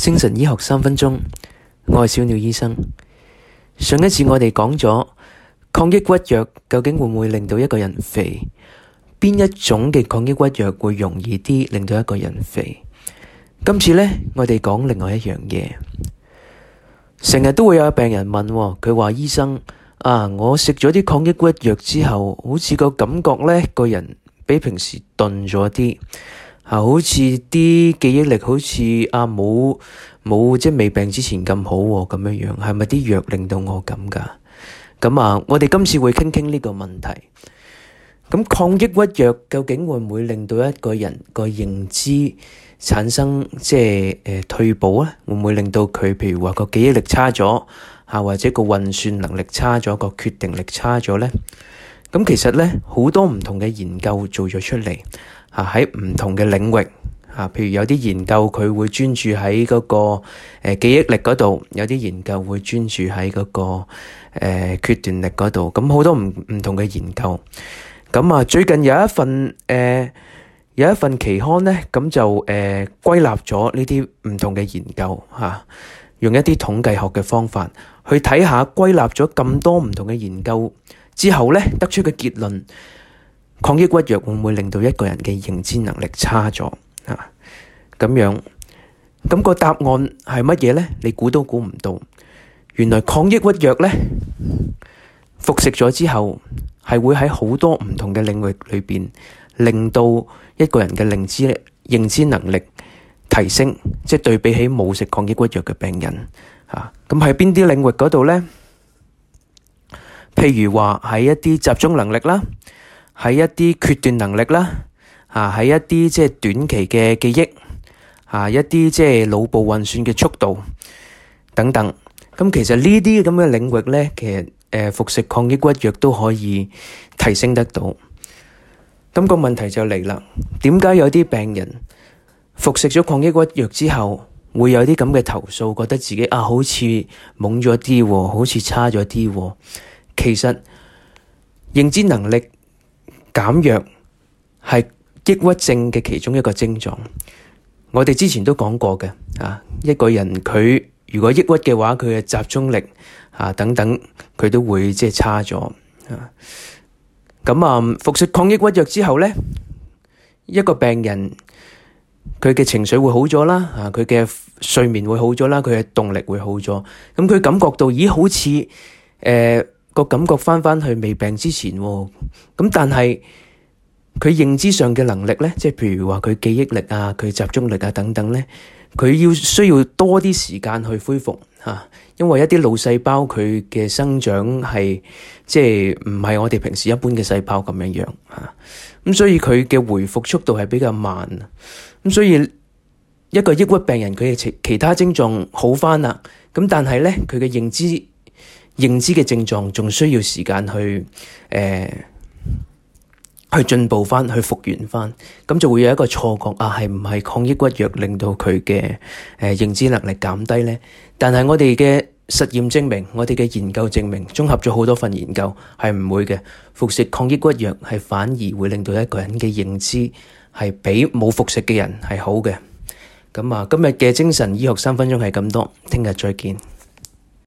精神醫學三分鐘，我係小鳥醫生。上一次我哋講咗抗抑鬱藥究竟會唔會令到一個人肥？邊一種嘅抗抑鬱藥會容易啲令到一個人肥？今次咧，我哋講另外一樣嘢。成日都會有病人問，哦，佢話醫生啊，我食咗啲抗抑鬱藥之後，好似個感覺咧，個人比平時鈍咗啲。啊，好似啲記憶力好似啊，冇冇即未病之前咁好咁，啊、樣樣，係咪啲藥令到我咁噶？咁啊，我哋今次會傾傾呢個問題。咁抗抑鬱藥究竟會唔會令到一個人個認知產生即係誒、呃、退步咧？會唔會令到佢譬如話個記憶力差咗，吓、啊、或者個運算能力差咗，個決定力差咗咧？咁其實咧好多唔同嘅研究做咗出嚟。啊！喺唔同嘅領域，啊，譬如有啲研究佢會專注喺嗰個誒記憶力嗰度，有啲研究會專注喺嗰個誒決斷力嗰度，咁好多唔唔同嘅研究。咁啊，最近有一份誒、呃、有一份期刊咧，咁就誒歸納咗呢啲唔同嘅研究吓、啊，用一啲統計學嘅方法去睇下歸納咗咁多唔同嘅研究之後咧，得出嘅結論。抗抑鬱藥會唔會令到一個人嘅認知能力差咗啊？咁樣咁個答案係乜嘢呢？你估都估唔到。原來抗抑鬱藥呢，服食咗之後，係會喺好多唔同嘅領域裏邊，令到一個人嘅認知認知能力提升，即係對比起冇食抗抑鬱藥嘅病人啊。咁喺邊啲領域嗰度呢？譬如話喺一啲集中能力啦。喺一啲決斷能力啦，啊，喺一啲即係短期嘅記憶，啊，一啲即係腦部運算嘅速度等等。咁其實呢啲咁嘅領域咧，其實誒，服食抗抑鬱藥都可以提升得到。咁個問題就嚟啦，點解有啲病人服食咗抗抑鬱藥之後會有啲咁嘅投訴，覺得自己啊好似懵咗啲喎，好似差咗啲喎。其實認知能力。減弱係抑鬱症嘅其中一個症狀，我哋之前都講過嘅啊，一個人佢如果抑鬱嘅話，佢嘅集中力啊等等，佢都會即係差咗啊。咁啊，服食抗抑鬱藥之後咧，一個病人佢嘅情緒會好咗啦，啊，佢嘅睡眠會好咗啦，佢嘅動力會好咗，咁佢感覺到咦，好似誒。呃個感覺翻返去未病之前，咁但係佢認知上嘅能力咧，即係譬如話佢記憶力啊、佢集中力啊等等咧，佢要需要多啲時間去恢復吓，因為一啲腦細胞佢嘅生長係即係唔係我哋平時一般嘅細胞咁樣樣吓，咁所以佢嘅回復速度係比較慢，咁所以一個抑鬱病人佢嘅其其他症狀好翻啦，咁但係咧佢嘅認知。認知嘅症狀仲需要時間去誒去進步翻，去復原翻，咁就會有一個錯覺啊，係唔係抗抑鬱藥令到佢嘅誒認知能力減低咧？但係我哋嘅實驗證明，我哋嘅研究證明，綜合咗好多份研究係唔會嘅，服食抗抑鬱藥係反而會令到一個人嘅認知係比冇服食嘅人係好嘅。咁啊，今日嘅精神醫學三分鐘係咁多，聽日再見。